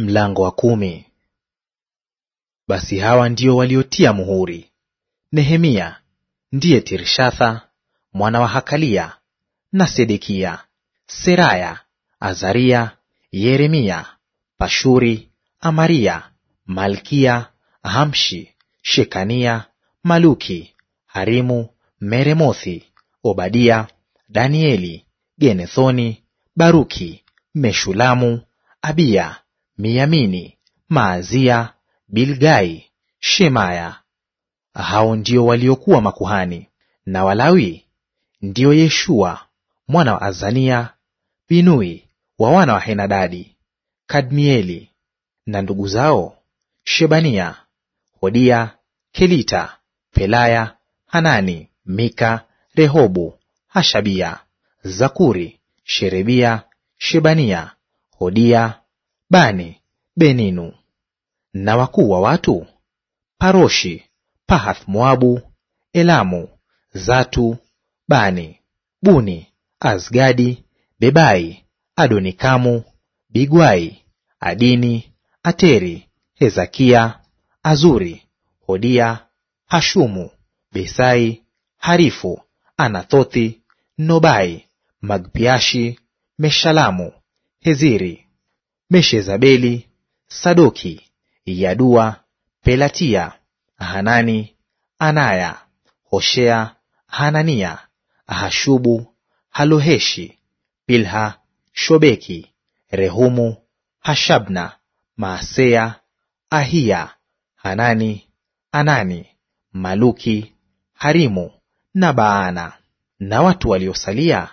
Mlango wa kumi. Basi hawa ndio waliotia muhuri: Nehemia ndiye Tirshatha mwana wa Hakalia na Sedekia, Seraya, Azaria, Yeremia, Pashuri, Amaria, Malkia, Hamshi, Shekania, Maluki, Harimu, Meremothi, Obadia, Danieli, Genethoni, Baruki, Meshulamu, Abia Miyamini, Maazia, Bilgai, Shemaya. Hao ndio waliokuwa makuhani. Na Walawi ndio Yeshua mwana wa Azania, Binui wa wana wa Henadadi, Kadmieli na ndugu zao Shebania, Hodia, Kelita, Pelaya, Hanani, Mika, Rehobu, Hashabia, Zakuri, Sherebia, Shebania, Hodia, Bani Beninu, na wakuu wa watu Paroshi, Pahath Moabu, Elamu, Zatu, Bani, Buni, Azgadi, Bebai, Adonikamu, Bigwai, Adini, Ateri, Hezakia, Azuri, Hodia, Hashumu, Besai, Harifu, Anathothi, Nobai, Magpiashi, Meshalamu, Heziri, Meshezabeli, Sadoki, Yadua, Pelatia, Hanani, Anaya, Hoshea, Hanania, Hashubu, Haloheshi, Pilha, Shobeki, Rehumu, Hashabna, Maaseya, Ahiya, Hanani, Anani, Maluki, Harimu na Baana. Na watu waliosalia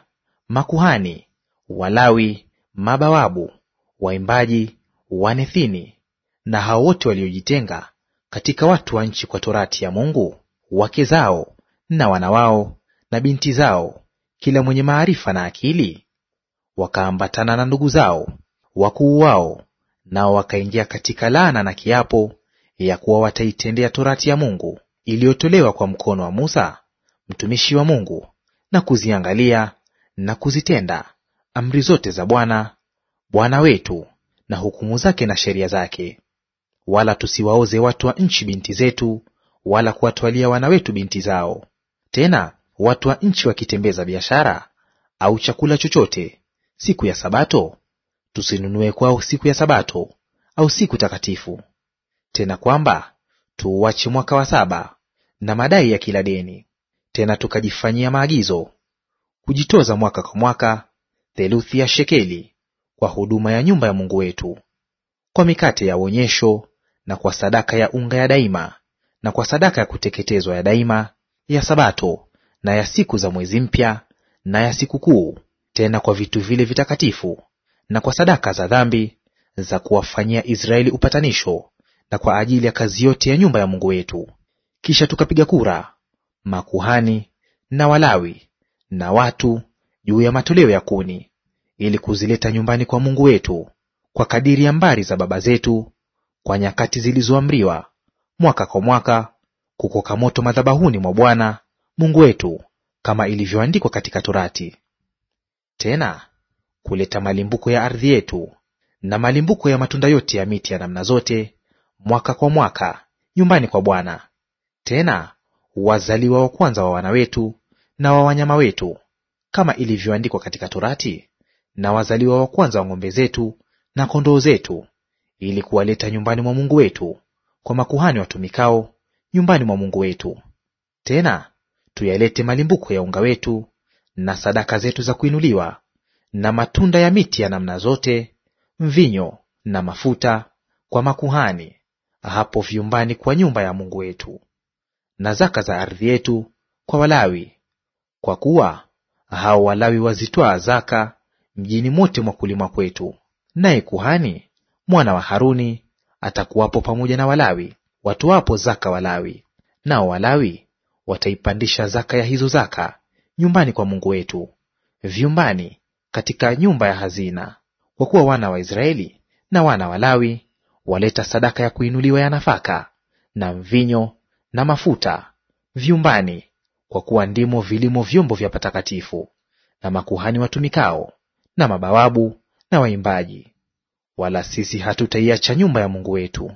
makuhani, Walawi, mabawabu waimbaji, wanethini na hao wote waliojitenga katika watu wa nchi kwa torati ya Mungu, wake zao na wana wao na binti zao, kila mwenye maarifa na akili, wakaambatana na ndugu zao wakuu wao, nao wakaingia katika laana na kiapo ya kuwa wataitendea torati ya Mungu iliyotolewa kwa mkono wa Musa mtumishi wa Mungu, na kuziangalia na kuzitenda amri zote za Bwana Bwana wetu na hukumu zake na sheria zake. Wala tusiwaoze watu wa nchi binti zetu, wala kuwatwalia wana wetu binti zao. Tena watu wa nchi wakitembeza biashara au chakula chochote siku ya Sabato, tusinunue kwao siku ya Sabato au siku takatifu. Tena kwamba tuuache mwaka wa saba na madai ya kila deni. Tena tukajifanyia maagizo kujitoza mwaka kwa mwaka theluthi ya shekeli kwa huduma ya nyumba ya Mungu wetu, kwa mikate ya uonyesho na kwa sadaka ya unga ya daima na kwa sadaka ya kuteketezwa ya daima ya Sabato na ya siku za mwezi mpya na ya sikukuu, tena kwa vitu vile vitakatifu na kwa sadaka za dhambi za kuwafanyia Israeli upatanisho, na kwa ajili ya kazi yote ya nyumba ya Mungu wetu. Kisha tukapiga kura makuhani na Walawi na watu juu ya matoleo ya kuni, ili kuzileta nyumbani kwa Mungu wetu kwa kadiri ya mbari za baba zetu, kwa nyakati zilizoamriwa mwaka kwa mwaka, kukoka moto madhabahuni mwa Bwana Mungu wetu, kama ilivyoandikwa katika Torati. Tena kuleta malimbuko ya ardhi yetu na malimbuko ya matunda yote ya miti ya namna zote mwaka kwa mwaka nyumbani kwa Bwana. Tena wazaliwa wa kwanza wa wana wetu na wa wanyama wetu, kama ilivyoandikwa katika Torati, na wazaliwa wa kwanza wa ng'ombe zetu na kondoo zetu, ili kuwaleta nyumbani mwa Mungu wetu kwa makuhani watumikao nyumbani mwa Mungu wetu. Tena tuyalete malimbuko ya unga wetu na sadaka zetu za kuinuliwa na matunda ya miti ya namna zote, mvinyo na mafuta kwa makuhani hapo vyumbani kwa nyumba ya Mungu wetu, na zaka za ardhi yetu kwa Walawi, kwa kuwa hao Walawi wazitwaa zaka mjini mote mwa kulima kwetu. Naye kuhani mwana wa Haruni atakuwapo pamoja na Walawi watoapo zaka Walawi, nao Walawi wataipandisha zaka ya hizo zaka nyumbani kwa Mungu wetu, vyumbani katika nyumba ya hazina. Kwa kuwa wana wa Israeli na wana wa Lawi waleta sadaka ya kuinuliwa ya nafaka na mvinyo na mafuta vyumbani, kwa kuwa ndimo vilimo vyombo vya patakatifu na makuhani watumikao na mabawabu na waimbaji, wala sisi hatutaiacha nyumba ya Mungu wetu.